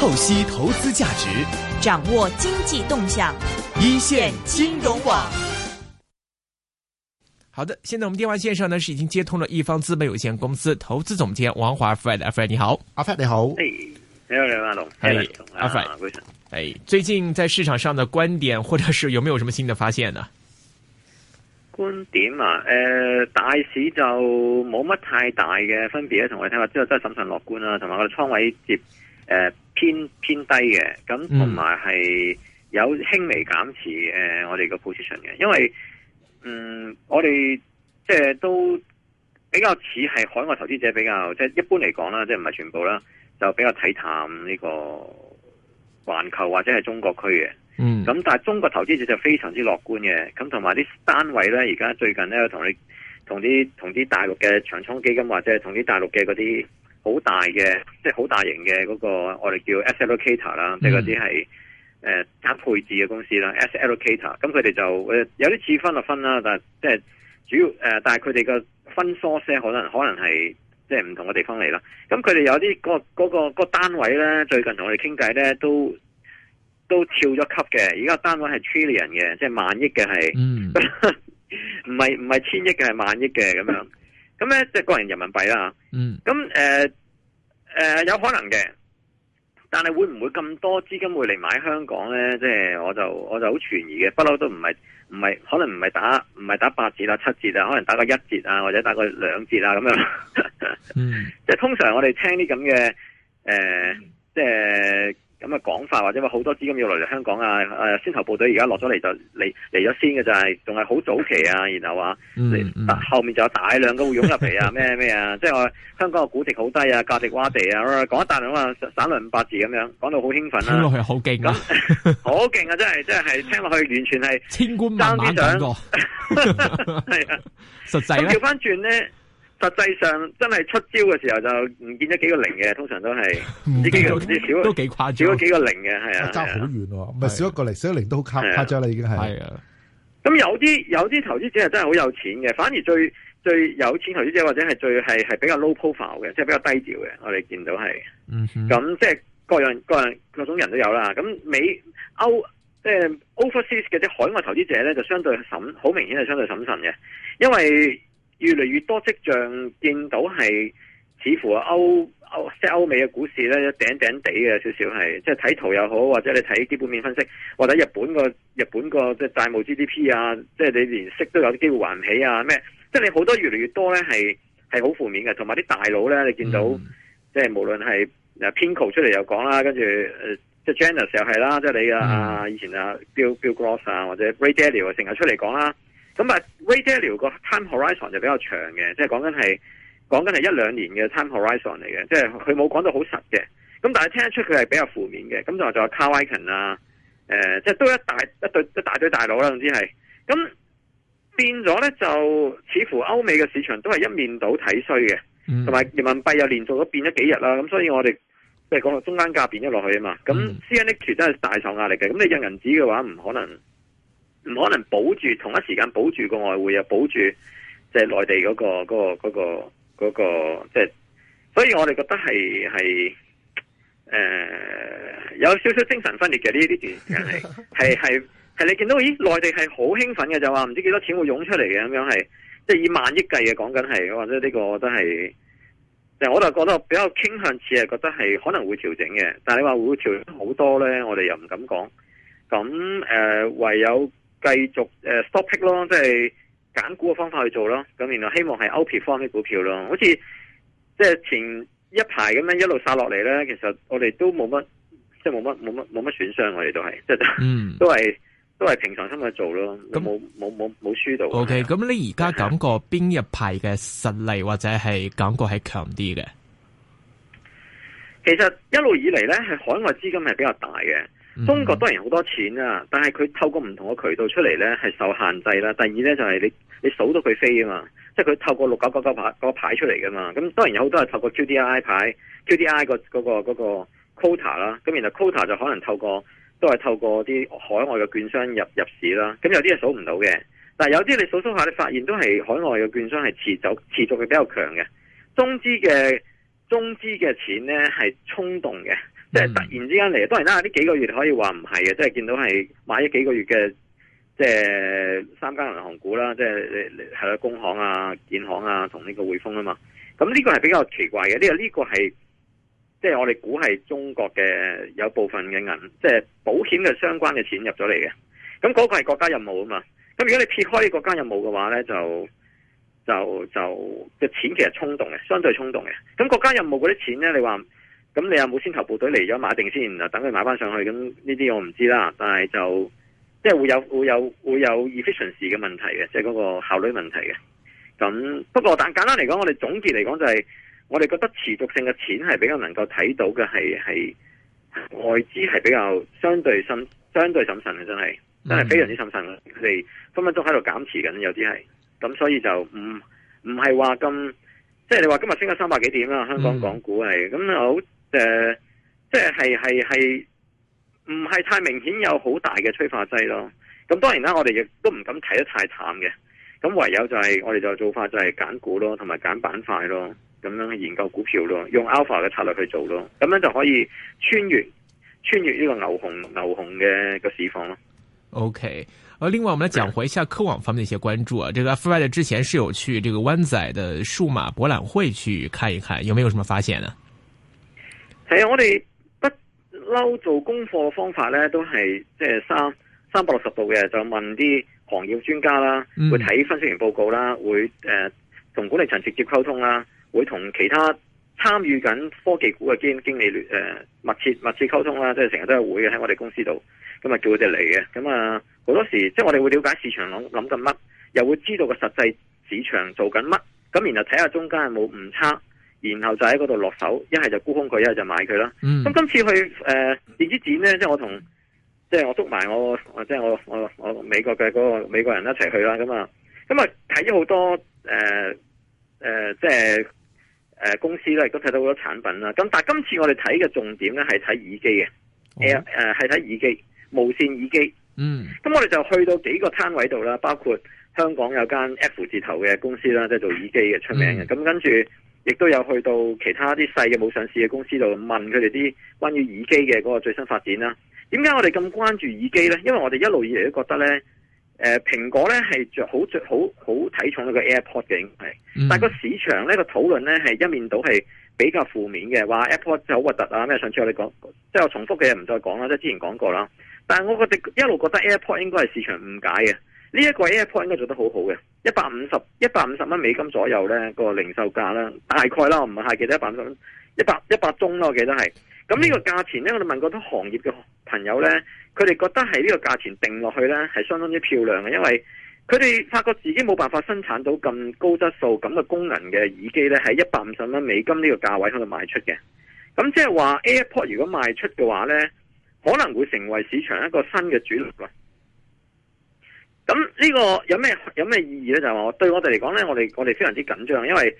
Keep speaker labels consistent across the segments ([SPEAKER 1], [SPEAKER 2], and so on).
[SPEAKER 1] 透析投資價值，掌握經濟動向，一線
[SPEAKER 2] 金融網。
[SPEAKER 1] 好的，現在我們電話線上呢是已經接通了一方資本有限公司投資總監王華 Fred，Fred 你好，Fred head, 你好，嘿，你好李萬龍，嘿
[SPEAKER 2] ，Fred
[SPEAKER 1] 先哎，最近在市場上的觀點或者是有沒有什麼新的發現呢？
[SPEAKER 3] 觀點啊，誒、呃，大市就冇乜太大嘅分別，同我哋睇法之後真係審慎樂觀啊，同埋我哋倉位接誒。呃偏偏低嘅，咁同埋係有輕微減持誒、呃，我哋個 position 嘅，因為嗯，我哋即係都比較似係海外投資者比較，即、就、係、是、一般嚟講啦，即係唔係全部啦，就比較睇淡呢個環球或者係中國區嘅。嗯，咁但係中國投資者就非常之樂觀嘅，咁同埋啲單位咧，而家最近咧，同啲同啲同啲大陸嘅長倉基金或者係同啲大陸嘅嗰啲。好大嘅，即係好大型嘅嗰、嗰個，我哋叫 SLKeter 啦、mm.，即係嗰啲係誒加配置嘅公司啦，SLKeter。咁佢哋就誒有啲似分就分啦，但係即係主要誒、呃，但係佢哋嘅分 source 可能可能係即係唔同嘅地方嚟啦。咁佢哋有啲嗰嗰個單位咧，最近同我哋傾偈咧都都跳咗級嘅。而家單位係 trillion 嘅，即係萬億嘅係，唔係唔係千億嘅係萬億嘅咁樣。咁咧即係個人人民幣啦咁誒、嗯呃呃、有可能嘅，但係會唔會咁多資金會嚟買香港咧？即、就、係、是、我就我就好存疑嘅，不嬲都唔係唔係，可能唔係打唔係打八折啦七折啊，可能打個一折啊，或者打個兩折啊咁樣。嗯，即係 通常我哋聽啲咁嘅誒，即、呃、係，就是咁嘅講法，或者話好多資金要落嚟香港啊！誒，先頭部隊而家落咗嚟就嚟嚟咗先嘅就係，仲係好早期啊！然後啊，嗯嗯、後面就有大量嘅會湧入嚟啊！咩咩啊！即係話香港嘅估值好低啊，價值洼地啊！講一大量啊，省略五百字咁樣講到好興奮聽落去好勁啊！那 真係真係聽落去完全係千軍萬馬講過，係
[SPEAKER 1] 啊！實際咧，咁調
[SPEAKER 3] 翻轉咧。實際上真係出招嘅時候就唔見咗幾個零嘅，通常都係唔見咗少都幾誇張少咗幾個零嘅，係啊，差好、
[SPEAKER 1] 啊、遠喎、啊，唔係少一個零，啊、少一零都好誇誇張啦，已經係。
[SPEAKER 3] 咁、啊啊、有啲有啲投資者係真係好有錢嘅，反而最最有錢投資者或者係最係係比較 low profile 嘅，即、就、係、是、比較低調嘅，我哋見到係。咁即係各樣各樣，各，樣各種人都有啦。咁美歐即係、就是、overseas 嘅啲海外投資者咧，就相對審好明顯係相對審慎嘅，因為。越嚟越多跡象，見到係似乎歐歐即係歐美嘅股市咧，頂頂地嘅少少係，即係睇圖又好，或者你睇基本面分析，或者日本個日本個即係債務 GDP 啊，即係你連息都有啲機會還唔起啊咩？即係你好多越嚟越多咧，係係好負面嘅，同埋啲大佬咧，你見到、嗯、即係無論係啊 PIMCO 出嚟又講啦，跟住誒即係 Janus 又係啦，即係你嘅啊、嗯、以前啊 Bill Bill Gross 啊或者 Ray Dalio 成日出嚟講啦。咁啊 Ray Dalio 個 time horizon 就比較長嘅，即係講緊係講緊係一兩年嘅 time horizon 嚟嘅，即係佢冇講到好實嘅。咁但係聽得出佢係比較負面嘅。咁就話仲有 Carl Icahn 啊，誒、呃，即係都一大一對一大堆大佬啦，總之係咁變咗咧，就似乎歐美嘅市場都係一面倒睇衰嘅，同埋、mm. 人民幣又連續咗變咗幾日啦，咁所以我哋即係講到中間價變咗落去啊嘛，咁 CNH 都係大受壓力嘅，咁你印銀紙嘅話唔可能。唔可能保住同一時間保住個外匯又保住即係內地嗰、嗰個嗰、嗰個嗰、嗰個、嗰個即係、即係，所以我哋覺得係係誒有少少精神分裂嘅呢啲段時間，係係係你見到咦內地係好興奮嘅，就話唔知幾多錢會湧出嚟嘅咁樣係，即、係、係、係、以萬億計嘅講緊係，或者呢個都係，但係，我就覺得比較傾向似係覺得係可能會調整嘅，但係你話會調整好多咧，我哋又唔敢講。咁誒、誒、唯有。繼續誒，stop pick 咯，即係揀股嘅方法去做咯。咁然後希望係 outperform 啲股票咯。好似即係前一排咁樣一路殺落嚟咧，其實我哋都冇乜，即係冇乜冇乜冇乜損傷，我哋都係即係都係都係平常心去做咯。咁冇冇冇冇輸到。OK，
[SPEAKER 1] 咁你而家感覺邊一排嘅實力或者係感覺係強啲嘅？
[SPEAKER 3] 其實一路以嚟咧，係海外資金係比較大嘅。中國當然好多錢啊，但係佢透過唔同嘅渠道出嚟呢係受限制啦。第二呢就係你你數到佢飛啊嘛，即係佢透過六九九九牌個牌出嚟㗎嘛。咁當然有好多係透過 QDII 牌、QDII、嗰個、嗰個個 quota 啦。咁然後 quota 就可能透過都係透過啲海外嘅券商入入市啦。咁有啲係數唔到嘅，但係有啲你數數下，你發現都係海外嘅券商係持續持續比較強嘅。中資嘅中資嘅錢呢係衝動嘅。即係突然之間嚟，當然啦，呢幾個月可以話唔係嘅，即係見到係買咗幾個月嘅，即係三間銀行股啦，即係係工行啊、建行啊同呢個匯豐啊嘛。咁呢個係比較奇怪嘅，呢個係即係我哋估係中國嘅有部分嘅銀，即係保險嘅相關嘅錢入咗嚟嘅。咁嗰個係國家任務啊嘛。咁如果你撇開個國家任務嘅話咧，就就就嘅錢其實衝動嘅，相對衝動嘅。咁國家任務嗰啲錢咧，你話？咁你有冇先頭部隊嚟咗買定先？等佢買翻上去，咁呢啲我唔知啦。但係就即係會有會有會有 efficiency 嘅問題嘅，即係嗰個效率問題嘅。咁不過但簡單嚟講，我哋總結嚟講就係、是，我哋覺得持續性嘅錢係比較能夠睇到嘅係係外資係比較相對深相對審慎嘅，真係真係非常之審慎。佢哋分分鐘喺度減持緊，有啲係咁，所以就唔唔係話咁即係你話今日升咗三百幾點啦？香港港股係咁好。Mm hmm. 誒、呃，即係係係，唔係太明顯有好大嘅催化劑咯。咁當然啦，我哋亦都唔敢睇得太淡嘅。咁唯有就係、是、我哋就做法就係揀股咯，同埋揀板塊咯，咁樣去研究股票咯，用 alpha 嘅策略去做咯，咁樣就可以穿越穿越呢個牛熊牛熊嘅個市況咯。
[SPEAKER 1] OK，而另外，我們來講回一下科網方面嘅一些關注啊。Yeah. 這個 Fred 之前是有去這個灣仔的數碼博覽會去看一看，有沒有什麼發現啊？
[SPEAKER 3] 係啊，我哋不嬲做功課方法咧，都係即係三三百六十度嘅，就問啲行業專家啦，會睇分析員報告啦，會誒同、呃、管理層直接溝通啦，會同其他參與緊科技股嘅經經理誒密切密切溝通啦，即係成日都有會嘅喺我哋公司度，咁啊叫佢哋嚟嘅，咁啊好多時即係、就是、我哋會了解市場諗諗緊乜，又會知道個實際市場在做緊乜，咁然後睇下中間有冇誤差。然後就喺嗰度落手，一係就沽空佢，一係就買佢啦。咁、嗯、今次去誒、呃、電子展咧，即係我同即係我捉埋我，即係我我我，我美國嘅嗰個美國人一齊去啦。咁、嗯、啊，咁啊睇咗好多誒誒，即係誒公司咧，亦都睇到好多產品啦。咁但係今次我哋睇嘅重點咧係睇耳機嘅，誒誒係睇耳機無線耳機。
[SPEAKER 2] 嗯，
[SPEAKER 3] 咁、嗯嗯、我哋就去到幾個攤位度啦，包括香港有間 F 字頭嘅公司啦，即、就、係、是、做耳機嘅出名嘅。咁跟住。亦都有去到其他啲細嘅冇上市嘅公司度問佢哋啲關於耳機嘅嗰個最新發展啦。點解我哋咁關注耳機呢？因為我哋一路以嚟覺得呢，誒、呃、蘋果呢係著好好好睇重一個 AirPod 嘅，嗯、但係個市場呢個討論呢係一面倒係比較負面嘅，話 AirPod 就好核突啊咩？上次我哋講即係我重複嘅嘢唔再講啦，即係之前講過啦。但係我覺得一路覺得 AirPod 應該係市場誤解嘅。呢一個 AirPod 應該做得好好嘅，一百五十、一百五十蚊美金左右呢、呢個零售價啦，大概啦，我唔係記得一百五十蚊，一百一百中咯，我記得係。咁呢個價錢呢，我哋問過好多行業嘅朋友呢，佢哋覺得係呢個價錢定落去呢係相當之漂亮嘅，因為佢哋發覺自己冇辦法生產到咁高質素、咁嘅功能嘅耳機呢，喺一百五十蚊美金呢個價位喺度賣出嘅。咁即係話 AirPod 如果賣出嘅話呢，可能會成為市場一個新嘅主力啦。咁呢個有咩有咩意義咧？就係、是、話對我哋嚟講咧，我哋我哋非常之緊張，因為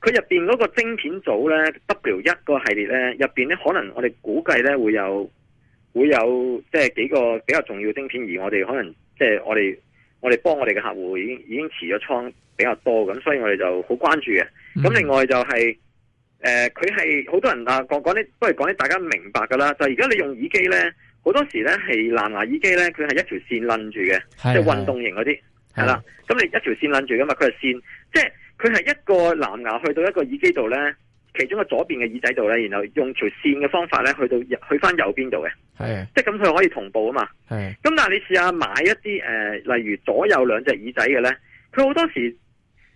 [SPEAKER 3] 佢入邊嗰個晶片組咧 W 一個系列咧，入邊咧可能我哋估計咧會有會有即係、就是、幾個比較重要晶片，而我哋可能即係、就是、我哋我哋幫我哋嘅客戶已經已經持咗倉比較多咁，所以我哋就好關注嘅。咁另外就係佢係好多人啊講講啲，不如講啲大家明白噶啦。就而、是、家你用耳機咧。好多時咧係藍牙耳機咧，佢係一條線攆住嘅，的即係運動型嗰啲，係啦。咁你一條線攆住噶嘛？佢係線，即係佢係一個藍牙去到一個耳機度咧，其中嘅左邊嘅耳仔度咧，然後用條線嘅方法咧去到去翻右邊度嘅，係的。即係咁佢可以同步啊嘛。係的。咁但係你試下買一啲、呃、例如左右兩隻耳仔嘅咧，佢好多時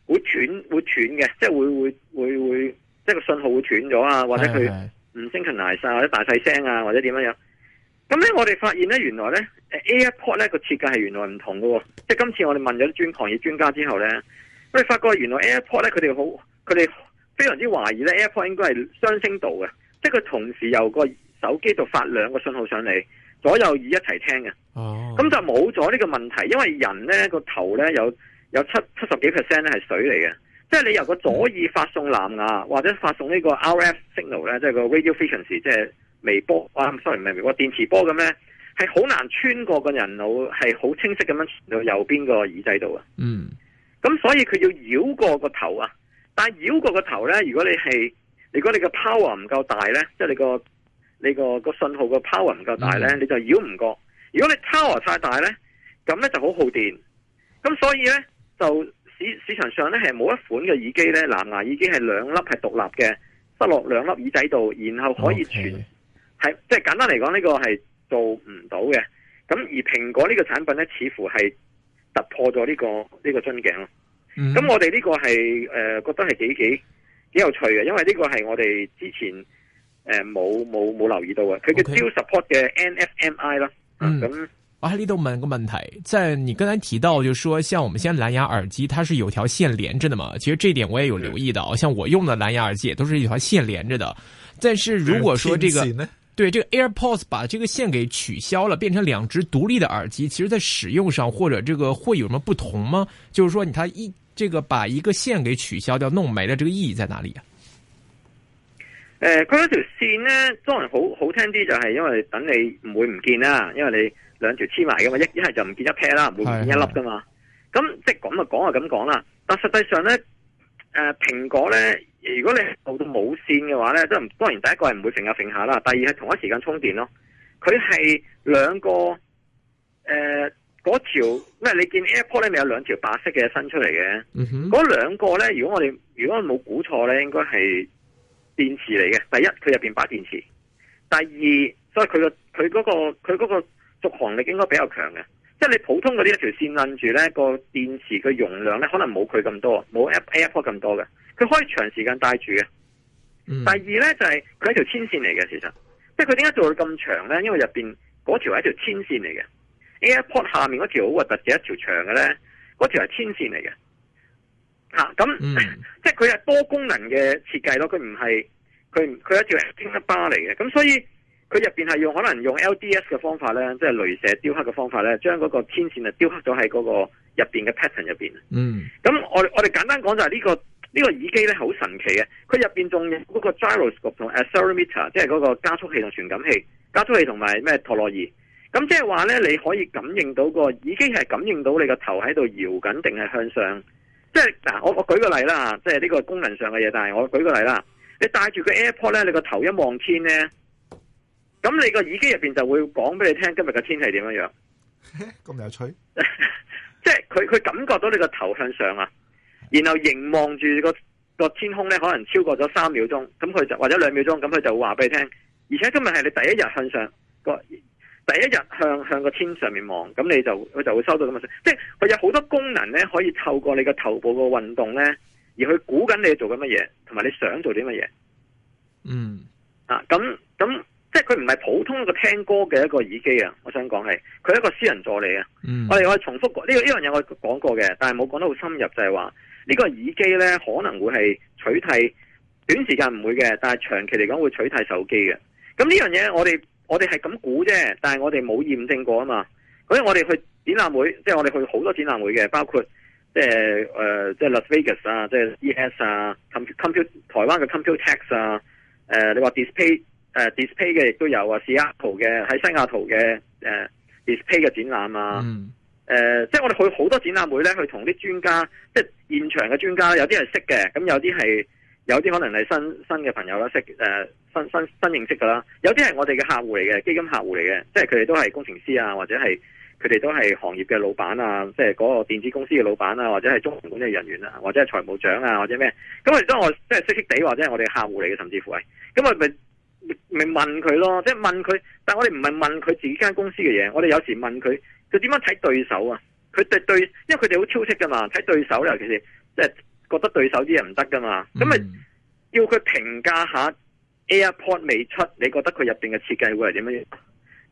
[SPEAKER 3] 會斷會斷嘅，即係會會會會，即係個信號會斷咗啊，或者佢唔清晰曬或者大細聲啊，或者點樣樣。咁咧，我哋發現咧，原來咧，AirPod 咧個設計係原來唔同㗎喎。即係今次我哋問咗啲專行業專家之後咧，我哋發覺原來 AirPod 咧佢哋好，佢哋非常之懷疑咧 AirPod 應該係雙聲道嘅，即係佢同時由個手機度發兩個信號上嚟，左右耳一齊聽嘅。哦、啊，咁就冇咗呢個問題，因為人咧個頭咧有有七七十幾 percent 咧係水嚟嘅，即係你由個左耳發送藍牙或者發送呢個 RF signal 咧，即係個 radio frequency 即、就、係、是。微波，啊，sorry，唔係微波，電磁波咁咧，係好難穿過個人腦，係好清晰咁樣傳到右邊個耳仔度啊。嗯，咁所以佢要繞過個頭啊，但係繞過個頭咧，如果你係，如果你個 power 唔夠大咧，即係你個你個個信號個 power 唔夠大咧，嗯、你就繞唔過。如果你 power 太大咧，咁咧就好耗電。咁所以咧，就市市場上咧係冇一款嘅耳機咧，藍牙耳機係兩粒係獨立嘅，塞落兩粒耳仔度，然後可以傳。Okay. 係即係簡單嚟講呢個係做唔到嘅，咁而蘋果呢個產品咧似乎係突破咗呢、這個呢、這個樽頸咯。
[SPEAKER 2] 咁、嗯、我哋
[SPEAKER 3] 呢個係誒、呃、覺得係幾幾幾有趣嘅，因為呢個係我哋之前誒冇冇冇留意到嘅。佢叫 Dual Support 嘅 N F M I 啦。嗯，咁
[SPEAKER 1] 我喺呢度問個問題，在、啊、你剛才提到，就說像我們現在藍牙耳機，它是有條線連着的嘛？其實這一點我也有留意到，哦、嗯，像我用的藍牙耳機都是一條線連着的。但是如果說這個。對這個 AirPods 把這個線給取消了，變成兩隻獨立的耳機，其實在使用上或者這個會有什麼不同嗎？就是說你他，你它一這個把一個線給取消掉，弄沒了，這個意義在哪裏呀？誒、
[SPEAKER 3] 呃，佢嗰條線呢，當然好好聽啲，就係因為等你唔會唔見啦，因為你兩條黐埋噶嘛，一一係就唔見一 pair 啦，唔會唔見一粒噶嘛。咁是的 即係咁啊，講啊咁講啦。但實際上咧，誒、呃，蘋果咧。如果你做到冇線嘅話咧，都當然第一個係唔會停下停下啦。第二係同一時間充電咯。佢係兩個誒嗰條，因為、呃、你見 AirPod 咧咪有兩條白色嘅伸出嚟嘅。嗰兩、嗯、哼個咧，如果我哋如果我冇估錯咧，應該係電池嚟嘅。第一，佢入邊擺電池；第二，所以佢、嗰個佢嗰個佢嗰個續航力應該比較強嘅。即係你普通嘅呢一條線韫住咧，個電池嘅容量咧可能冇佢咁多，冇 Air AirPod 咁多嘅，佢可以長時間帶住嘅。嗯、
[SPEAKER 2] 第
[SPEAKER 3] 二咧就係佢係條天線嚟嘅，其實，即係佢點解做到咁長咧？因為入邊嗰條係一條天線嚟嘅，AirPod 下面嗰條好核突嘅一條長嘅咧，嗰條係天線嚟嘅。吓、啊、咁，嗯、即係佢係多功能嘅設計咯，佢唔係，佢佢一條聽音巴嚟嘅，咁所以。佢入邊係用可能用 LDS 嘅方法咧，即係鐳射雕刻嘅方法咧，將嗰個天線啊雕刻咗喺嗰個入邊嘅 pattern 入邊。
[SPEAKER 2] 嗯，
[SPEAKER 3] 咁我我哋簡單講就係呢個呢個耳機咧好神奇嘅，佢入邊仲有嗰個 gyroscope 同 accelerometer，即係嗰個加速器同傳感器，加速器同埋咩陀螺儀。咁即係話咧，你可以感應到個耳機係感應到你個頭喺度搖緊定係向上。即係嗱，我我舉個例啦，即係呢個功能上嘅嘢，但係我舉個例啦，你戴住個 AirPod 咧，你個頭一望天咧。咁你個耳機入邊就會講俾你聽今日嘅天氣點樣樣，
[SPEAKER 1] 咁 有趣，
[SPEAKER 3] 即係佢佢感覺到你個頭向上啊，然後凝望住個個天空咧，可能超過咗三秒鐘，咁佢就或者兩秒鐘，咁佢就會話俾你聽，而且今日係你第一日向上個第一日向向個天上面望，咁你就佢就會收到咁嘅信息，即係佢有好多功能咧，可以透過你個頭部個運動咧，而去估緊你做緊乜嘢，同埋你想做啲乜嘢，嗯，啊咁咁。即係佢唔係普通一個聽歌嘅一個耳機啊！我想講係佢係一個私人助理啊！嗯、我哋我係重複過呢個呢樣嘢，這我講過嘅，但係冇講得好深入，就係、是、話你呢個耳機咧可能會係取替短時間唔會嘅，但係長期嚟講會取替手機嘅。咁呢樣嘢我哋我哋係咁估啫，但係我哋冇驗證過啊嘛！所以我哋去展覽會，即係我哋去好多展覽會嘅，包括、呃、即係誒即係 Las Vegas 啊，即係 ES 啊，comput 台灣嘅 Computex t a 啊，誒、呃、你話 display。誒、uh,，display 嘅亦都有啊，Seattle 嘅喺西雅圖嘅誒、uh,，display 嘅展覽啊，誒，mm. uh, 即係我哋去好多展覽會咧，去同啲專家，即係現場嘅專家，有啲係識嘅，咁有啲係有啲可能係新新嘅朋友啦，識誒、uh, 新新新認識㗎啦，有啲係我哋嘅客戶嚟嘅，基金客戶嚟嘅，即係佢哋都係工程師啊，或者係佢哋都係行業嘅老闆啊，即係嗰個電子公司嘅老闆啊，或者係中層管理人員啊，或者係財務長啊，或者咩，咁啊都我即係識識哋，或者係我哋客戶嚟嘅，甚至乎係，咁我咪。咪問佢咯，即係問佢。但係我哋唔係問佢自己間公司嘅嘢，我哋有時問佢，佢點樣睇對手啊？佢對對，因為佢哋好超脫噶嘛，睇對手尤其是即係覺得對手啲嘢唔得噶嘛。咁咪、嗯，要佢評價下 AirPod 未出，你覺得佢入邊嘅設計會係點樣？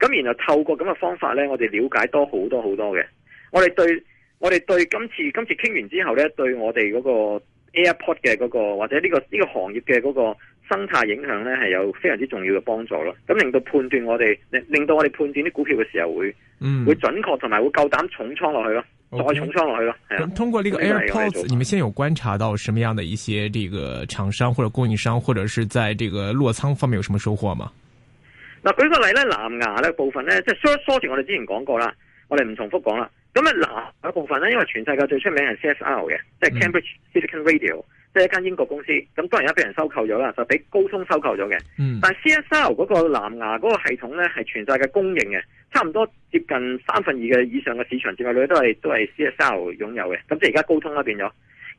[SPEAKER 3] 咁然後透過咁嘅方法呢，我哋了解多好多好多嘅。我哋對，我哋對今次今次傾完之後呢，對我哋嗰個 AirPod 嘅嗰、嗰個或者呢、呢個呢、呢個行業嘅嗰、嗰個。生態影響咧係有非常之重要嘅幫助咯，咁令到判斷我哋，令到我哋判斷啲股票嘅時候會，嗯、會準確同埋會夠膽重倉落去咯，Okay. 再重倉落去咯。係啊，咁通過呢個 AirPods，
[SPEAKER 1] 你們先有觀察到什麼樣嘅一些這個廠商或者供應商，或者是在這個落倉方面有什麼收穫嗎？
[SPEAKER 3] 嗱，舉個例咧，藍牙咧部分咧，即係 short short 我哋之前講過啦，我哋唔重複講啦。咁啊，藍牙部分咧，因為全世界最出名係 CSR 嘅，嗯、即係 Cambridge Silicon Radio。即係一間英國公司，咁當然而家俾人收購咗啦，就俾高通收購咗嘅。嗯、但係 C S R 嗰個藍牙嗰個系統咧，係全世界公認嘅，差唔多接近三分二嘅以上嘅市場佔有率都係都係 C S R 擁有嘅。咁即係而家高通啦變咗。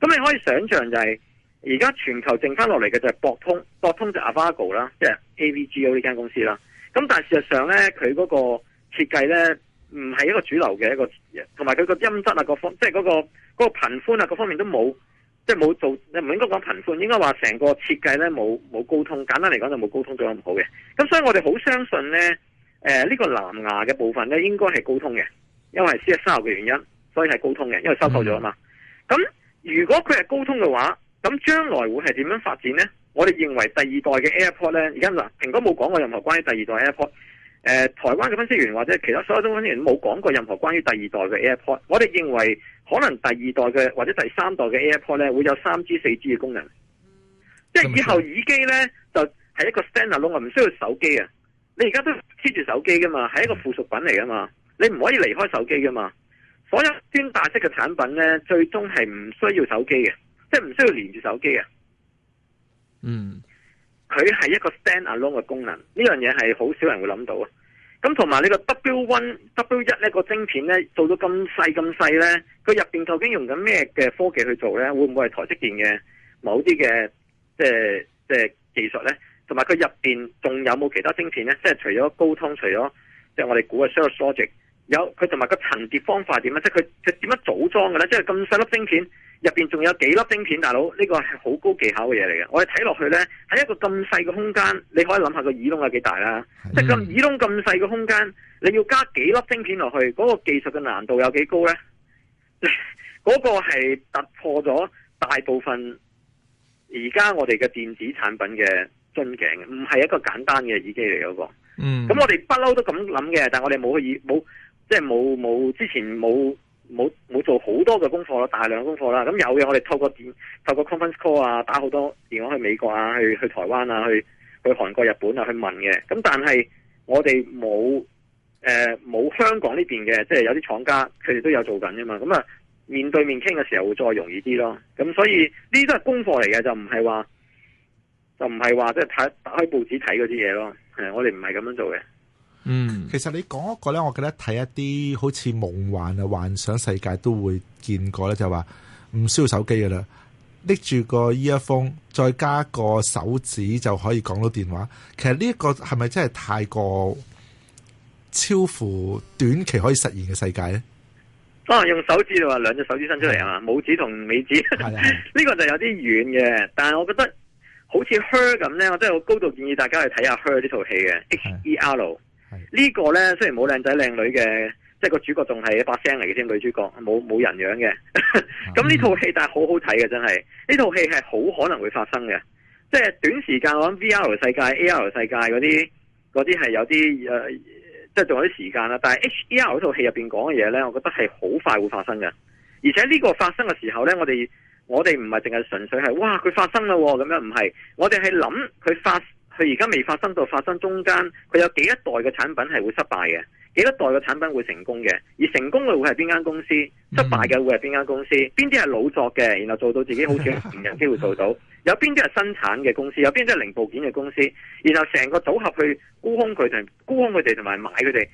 [SPEAKER 3] 咁你可以想象就係而家全球剩翻落嚟嘅就係博通，博通就是 Avago 啦，即係 A V G O 呢間公司啦。咁但係事實上咧，佢嗰個設計咧唔係一個主流嘅一個，同埋佢個音質啊，各方即係嗰個嗰個頻寬啊，各方面都冇。即係冇做，唔應該講頻寬，應該話成個設計咧冇冇高通。簡單嚟講就冇高通做得唔好嘅。咁所以我哋好相信咧，誒、呃、呢、這個藍牙嘅部分咧應該係高通嘅，因為 C S 三嘅原因，所以係高通嘅，因為收購咗啊嘛。咁、嗯、如果佢係高通嘅話，咁將來會係點樣發展咧？我哋認為第二代嘅 AirPod 咧，而家嗱，蘋果冇講過任何關於第二代 AirPod。誒、呃，台灣嘅分析員或者其他所有都分析員冇講過任何關於第二代嘅 AirPod，我哋認為可能第二代嘅或者第三代嘅 AirPod 咧會有三 G 四 G 嘅功能，嗯、即係以後耳機咧、嗯、就係一個 standalone，唔需要手機啊！你而家都黐住手機噶嘛，係一個附屬品嚟噶嘛，你唔可以離開手機噶嘛。所有穿戴式嘅產品咧，最終係唔需要手機嘅，即係唔需要連住手機啊。嗯。佢係一個 stand alone 嘅功能，呢樣嘢係好少人會諗到啊！咁同埋呢個 W1 W 一咧個晶片呢，做到咁細咁細呢，佢入邊究竟用緊咩嘅科技去做呢？會唔會係台積電嘅某啲嘅即係即係技術呢？同埋佢入邊仲有冇其他晶片呢？即係除咗高通，除咗即係我哋估嘅 Surge 有佢同埋個層疊方法係點啊？即係佢就點樣組裝嘅咧？即係咁細粒晶片，入邊仲有幾粒晶片？大佬呢個係好高技巧嘅嘢嚟嘅。我哋睇落去咧，喺一個咁細嘅空間，你可以諗下個耳窿有幾大啦。嗯、即係咁耳窿咁細嘅空間，你要加幾粒晶片落去，嗰、嗰個技術嘅難度有幾高咧？嗰 個係突破咗大部分而家我哋嘅電子產品嘅樽頸，唔係一個簡單嘅耳機嚟嗰個。咁、嗯、我哋不嬲都咁諗嘅，但係我哋冇去冇。即係冇冇之前冇冇冇做好多嘅功課啦，大量嘅功課啦。咁有嘅，我哋透過電透過 conference call 啊，打好多電話去美國啊，去去台灣啊，去去韓國、日本啊去問嘅。咁但係我哋冇誒冇香港呢邊嘅，即係有啲廠家佢哋都有做緊噶嘛。咁啊，面對面傾嘅時候會再容易啲咯。咁所以呢啲都係功課嚟嘅，就唔係話就唔係話即係睇打開報紙睇嗰啲嘢咯。誒，我哋唔係咁樣做嘅。
[SPEAKER 1] 嗯，其實你講一、那個咧，我記得睇一啲好似夢幻啊、幻想世界都會見過咧，就話唔需要手機噶啦，拎住個 earphone，再加個手指就可以講到電話。其實呢一個係咪真係太過超乎短期可以實現嘅世界
[SPEAKER 3] 咧？可能、啊、用手指就話兩隻手指伸出嚟啊，的拇指同尾指。呢的 個就有啲遠嘅，但係我覺得好似 Her 咁咧，我真係好高度建議大家去睇下 Her 呢套戲嘅 H,、ER、的 H E R。呢個呢，雖然冇靚仔靚女嘅，即係個主角仲係一把聲嚟嘅先，女主角冇冇人樣嘅。咁呢套戲但係好好睇嘅，真係呢套戲係好可能會發生嘅。即係短時間，我諗 V R 世界、A R 世界嗰啲嗰啲係有啲誒、呃，即係仲有啲時間啦。但係 H E R 嗰套戲入邊講嘅嘢呢，我覺得係好快會發生嘅。而且呢個發生嘅時候呢，我哋我哋唔係淨係純粹係哇佢發生啦、哦，咁樣唔係，我哋係諗佢發。佢而家未發生到發生，中間佢有幾一代嘅產品係會失敗嘅，幾一代嘅產品會成功嘅。而成功嘅會係邊間公司？失敗嘅會係邊間公司？邊啲係老作嘅，然後做到自己好似冇人機會做到？ 有邊啲係生產嘅公司？有邊啲係零部件嘅公司？然後成個組合去沽空佢哋同沽空佢哋同埋買佢哋。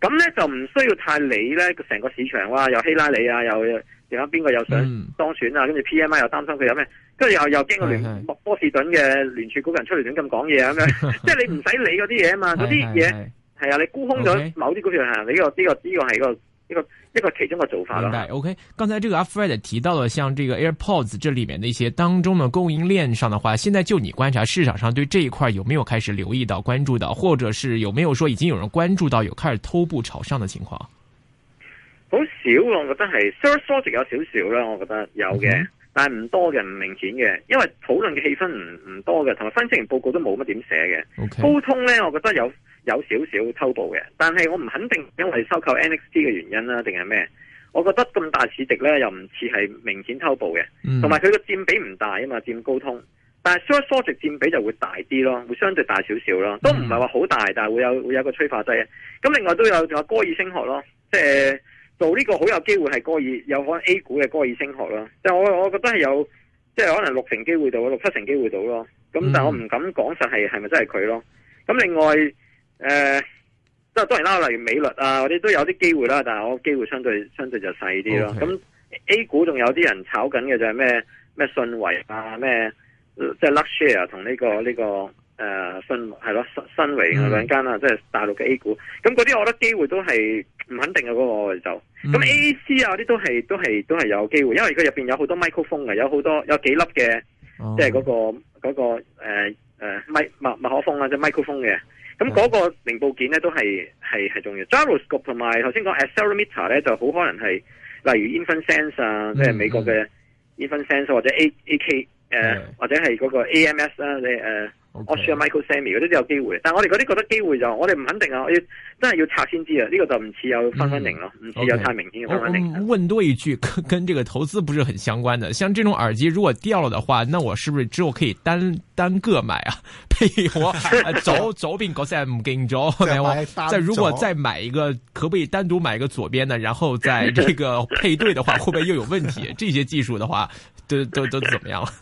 [SPEAKER 3] 咁咧就唔需要太理咧個成個市場啊，又希拉里啊，又點解邊個又想當選啊？跟住、嗯、PMI 又擔心佢有咩，跟住又又經過聯是是波士頓嘅聯儲股人出嚟亂咁講嘢咁樣， 即係你唔使理嗰啲嘢啊嘛，嗰啲嘢係啊，你沽空咗某啲股票你呢 Okay?、這個呢、這個呢、這個係一個一個一個其中嘅做法啦。
[SPEAKER 1] OK，剛才這個 Fred 提到嘅，像這個 AirPods 這裏面的一些當中嘅供應鏈上的話，現在就你觀察市場上對這一塊有沒有開始留意到關注到，或者是有沒有說已經有人關注到有開始偷步炒上的情況？
[SPEAKER 3] 好少，我覺得係少 e 有少少啦。我覺得有嘅，但係唔多嘅，唔明顯嘅，因為討論嘅氣氛唔唔多嘅，同埋分析員報告都冇乜點寫嘅。Okay。溝通呢，我覺得有。有少少偷步嘅，但係我唔肯定，因為收購 NXT 嘅原因啦，定係咩？我覺得咁大市值呢，又唔似係明顯偷步嘅，同埋佢個佔比唔大啊嘛，佔高通，但係 Search 佔比就會大啲咯，會相對大少少咯，都唔係話好大，但係會有會有一個催化劑。咁另外都有話歌爾聲學咯，即係做呢個好有機會係歌爾，有可能 A 股嘅歌爾聲學咯。即係我我覺得係有，即係可能六成機會到，六七成機會到咯。咁但係我唔敢講實係係咪真係佢咯。咁另外。誒，即係、呃、當然啦，例如美律啊，嗰啲都有啲機會啦，但係我機會相對相對就細啲咯。咁 Okay. A 股仲有啲人炒緊嘅就係咩咩信維啊，咩即係 Luxshare 同呢、這個呢、這個誒信係咯信信維兩間啊，即係、啊 mm hmm. 大陸嘅 A 股。咁嗰啲我覺得機會都係唔肯定嘅嗰、那個就咁 A A C 啊，嗰啲都係都係都係有機會，因為佢入邊有好多 microphone 嘅，有好多有幾粒嘅，oh. 即係嗰、那個嗰、那個誒誒 m 麥麥克風啊，即係 microphone 嘅。咁嗰、嗯、個零部件咧都係係係重要。Gyroscope 同埋頭先講 accelerometer 咧就好可能係，例如 InvenSense 啊，即、就、係、是、美國嘅 InvenSen、嗯嗯、se 或者 A A K 誒、嗯，或者係嗰個 AMS 啦、啊，你誒 o s c r Microsemi 嗰啲都有機會。Okay, 但係我哋嗰啲覺得機會就，我哋唔肯定啊，我要真係要拆先知啊。呢、這個就唔似有分分零咯，唔似、嗯、有太明顯嘅分分
[SPEAKER 1] 零。我問多一句，跟跟這個投資不是很相關的，像這種耳機如果掉了的話，那我是不是之後可以單單個買啊？ 我走，走左邊搞三唔見咗，交，對吧？再如果再買一個，可不可以單獨買一個左邊的？然後在這個配對的話，會不會又有問題？ 這些技術的話，都都都怎麼樣了？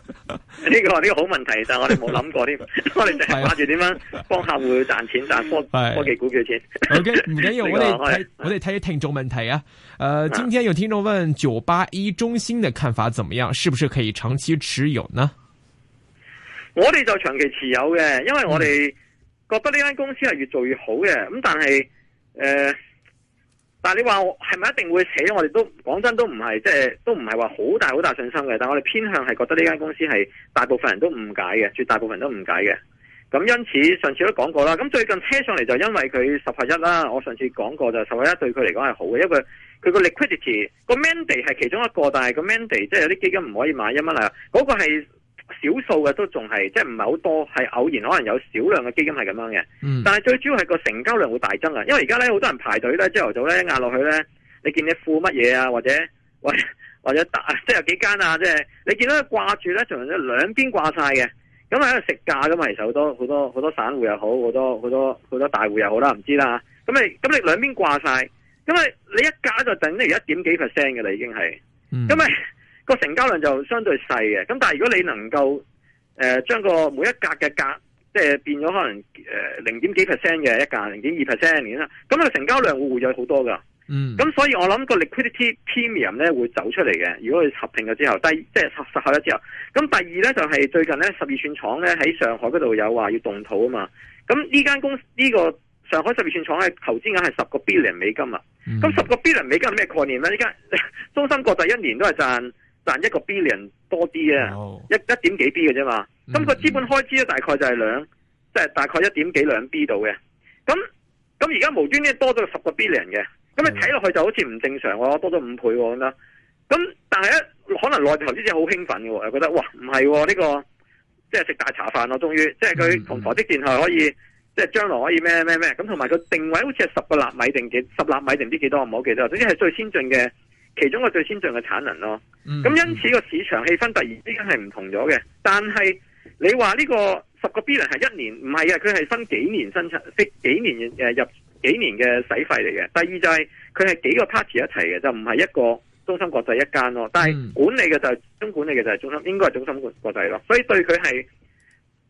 [SPEAKER 3] 這個這個好問題，但我哋冇諗過呢。我哋就掛住點樣幫客戶賺錢，賺 多科技股票錢。 OK，唔緊要，
[SPEAKER 1] 我哋睇我哋睇聽眾問題啊。呃，今天有聽眾問九八一中心嘅看法怎麼樣？是不是可以長期持有呢？
[SPEAKER 3] 我哋就長期持有嘅，因為我哋覺得呢間公司係越做越好嘅。咁但係，誒，但係、呃、你話係咪一定會死？我哋都講真都唔係，即係都唔係話好大好大信心嘅。但係我哋偏向係覺得呢間公司係大部分人都誤解嘅，絕大部分人都誤解嘅。咁因此上次都講過啦。咁最近車上嚟就因為佢十合一啦。我上次講過就十合一對佢嚟講係好嘅，因為佢個 liquidity 個 mandate 係其中一個，但係個 mandate 即係有啲基金唔可以買一蚊啊。嗰、那個係。少數嘅都仲係，即係唔係好多，係偶然可能有少量嘅基金係咁樣嘅。但係最主要係個成交量會大增啊！因為而家咧好多人排隊咧，朝頭早咧壓落去咧，你見你庫乜嘢啊？或者或或者大，即係有幾間啊？即係你見到佢掛住咧，有兩邊掛晒嘅，咁係喺度食價噶嘛？其實好多好多好多散戶又好，好多好多好多大戶又好啦，唔知啦。咁咁你兩邊掛晒，咁為你一架就等於一點幾 percent 嘅啦，已經係咁、嗯個成交量就相對細嘅，咁但係如果你能夠誒將個每一格嘅價，即係變咗可能誒零點幾 percent 嘅一格，零點二 percent 咁啦，咁佢、那個、成交量會會有好多噶，咁、嗯、所以我諗個 liquidity premium 咧會走出嚟嘅。如果佢合併咗之後，第即係實實合咗之後，咁第二咧就係、是、最近咧十二寸廠咧喺上海嗰度有話要動土啊嘛，咁呢間公呢、這個上海十二寸廠嘅投資額係十個 billion 美金啊，咁十個 billion 美金係咩概念咧？呢家 中芯國際第一年都係賺。但一個 billion 多啲啊，oh. 一一點幾 b 嘅啫嘛，咁個資本開支咧大概就係兩，即係大概一點幾兩 b 度嘅，咁咁而家無端端多咗十個 billion 嘅，咁你睇落去就好似唔正常喎，多咗五倍喎咁啦，咁但係咧可能內地投資者好興奮嘅喎，又覺得哇唔係呢個，即係食大茶飯咯，終於即係佢同台積電係可以，即係將來可以咩咩咩咁，同埋個定位好似係十個納米定幾十納米定唔知幾多，我唔好記得，總之係最先進嘅。其中個最先進嘅產能咯，
[SPEAKER 2] 咁因此
[SPEAKER 3] 個市場氣氛突然之間係唔同咗嘅。但係你話呢個十個 billion 係一年，唔係啊，佢係分幾年生產，即幾年誒、啊、入幾年嘅使費嚟嘅。第二就係佢係幾個 party 一齊嘅，就唔係一個中心國際一間咯。但係管理嘅就係、是、中管理嘅就係中心，應該係中心國國際咯。所以對佢係。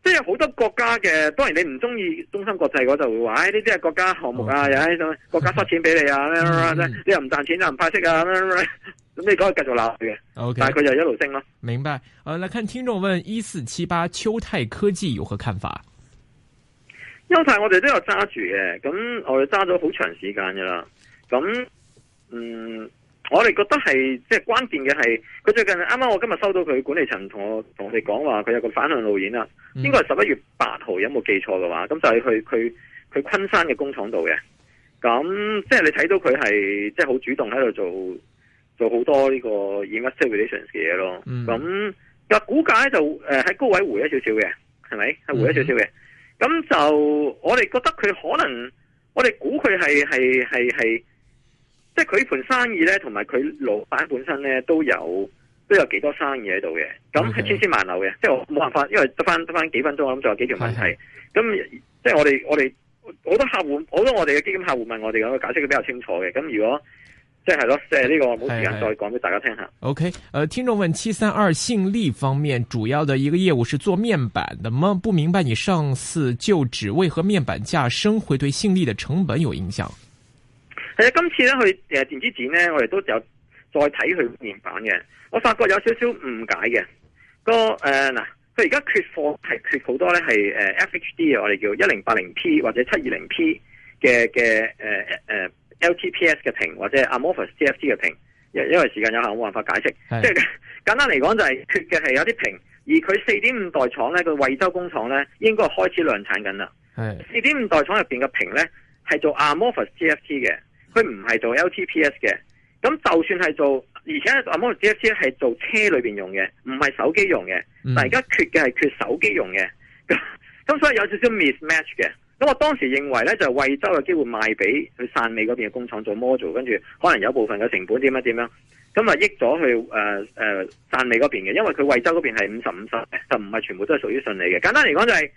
[SPEAKER 3] 即係好多國家嘅，當然你唔中意中心國際嗰度話，呢啲係國家項目啊，又喺度國家塞錢俾你啊，咩、 嗯、你又唔賺錢又唔派息啊，咁你嗰個繼續鬧佢嘅，但係佢就一路升咯。
[SPEAKER 1] 明白，呃，來看聽眾問一四七八，秋泰科技有何看法？
[SPEAKER 3] 秋泰我哋都有揸住嘅，咁我哋揸咗好長時間噶啦，咁，嗯。我哋覺得係即係關鍵嘅係佢，最近啱啱我今日收到佢管理層同我同我哋講話佢有個反向路演啦，應該係十一月八號，有冇記錯嘅話，咁就係佢佢佢昆山嘅工廠度嘅。咁即係你睇到佢係即係好主動喺度做做好多呢個 investor relations 嘅嘢咯。咁個、嗯、股價咧就喺、呃、高位回一少少嘅，係咪？係回一少少嘅。咁、嗯、哼就我哋覺得佢可能，我哋估佢係係係係，即係佢呢盤生意咧，同埋佢老闆本身咧都有都有幾多生意喺度嘅，咁係 Okay. 千絲萬縷嘅。即係我冇辦法，因為得翻得翻幾分鐘，我諗仲有幾條問題。咁 Okay. 即係我哋我哋好多客戶，好多我哋嘅基金客戶問我哋咁解釋佢比較清楚嘅。咁如果即係咯即誒呢個冇時間再講俾大家聽下。
[SPEAKER 1] OK，誒、呃，聽眾問，七三二信利方面主要嘅一個業務是做面板的嗎？不明白你上次就紙為何面板價升會對信利的成本有影響？
[SPEAKER 3] 其實今次咧去電子展咧，我哋都有再睇佢面板嘅。我發覺有少少誤解嘅個誒嗱，佢而家缺貨係缺好多咧，係 FHD 嘅，我哋叫一零八零 P 或者七二零 P 嘅嘅 LTPS 嘅屏或者 Amorphous TFT 嘅屏。因為時間有限，冇辦法解釋。是的 即係簡單嚟講，就係缺嘅係有啲屏，而佢四點五代廠咧，佢惠州工廠咧應該開始量產緊啦。四點五代廠入面嘅屏咧係做 Amorphous TFT 嘅。佢唔係做 LTPS 嘅，咁就算係做，而且阿 m G S 咧係做車裏邊用嘅，唔係手機用嘅。但而家缺嘅係缺手機用嘅，咁、嗯、 所以有少少 mismatch 嘅。咁我當時認為咧就係、是、惠州有機會賣俾去汕尾嗰邊嘅工廠做 model，跟住可能有部分嘅成本點樣點樣，咁咪益咗去誒誒汕尾嗰邊嘅，因為佢惠州嗰邊係五十五十，就唔係全部都係屬於信利嘅。簡單嚟講就係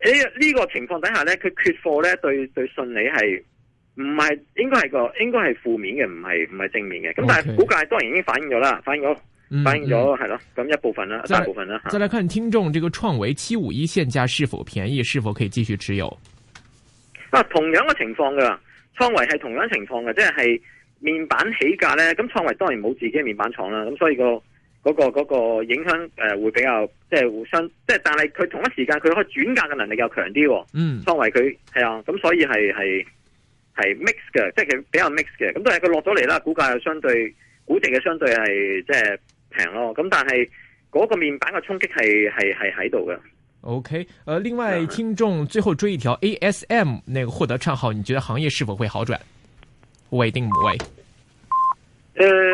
[SPEAKER 3] 喺呢個情況底下咧，佢缺貨咧對對信利係。唔係，應該係個，應該係負面嘅，唔係唔係正面嘅。咁 Okay. 但係股價係當然已經反映咗啦，反映咗，嗯、反映咗係咯，咁、嗯、一部分啦，來大部分啦。再
[SPEAKER 1] 來看、啊、聽眾，這個創維七五一現價是否便宜，是否可以繼續持有？
[SPEAKER 3] 啊，同樣嘅情況噶，創維係同樣情況噶，即係面板起價咧。咁創維當然冇自己嘅面板廠啦，咁所以、那個嗰、那個嗰、那個影響誒、呃、會比較即係互相，即係但係佢同一時間佢可以轉嫁嘅能力較強啲。嗯，創維佢係啊，咁所以係係。是係 mix 嘅，即係比較 mix 嘅，咁都係佢落咗嚟啦。股價又相對，估值嘅相對係即係平咯。咁但係嗰個面板嘅衝擊係係係喺度嘅。
[SPEAKER 1] OK，誒、呃，另外、嗯、聽眾最後追一條 ASM，那個獲得賬號，你覺得行業是否會好轉？會定唔會？誒、呃。